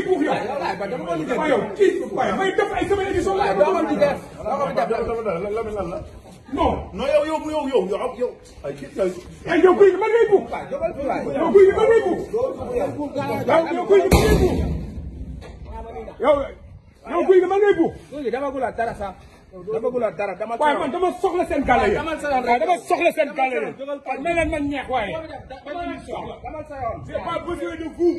damay buux yow. waaye ba dama mën a yow kii waaye may def ay sama émission. waaye doo ko di def doo ko di def Lamine lan la. non non yow yow yow yow yow yow. ay kii ay ay yow kuy man ngay buux. yow kuy man ngay buux. yow kuy man ngay buux. yow yow kuy man ngay buux. kuy dama gula dara sax. dama gula dara dama. waaye man dama soxla seen gàlle yi. waaye dama soxla seen gàlle yi. waaye mel na man ñeex waaye. c'est pas besoin de vous.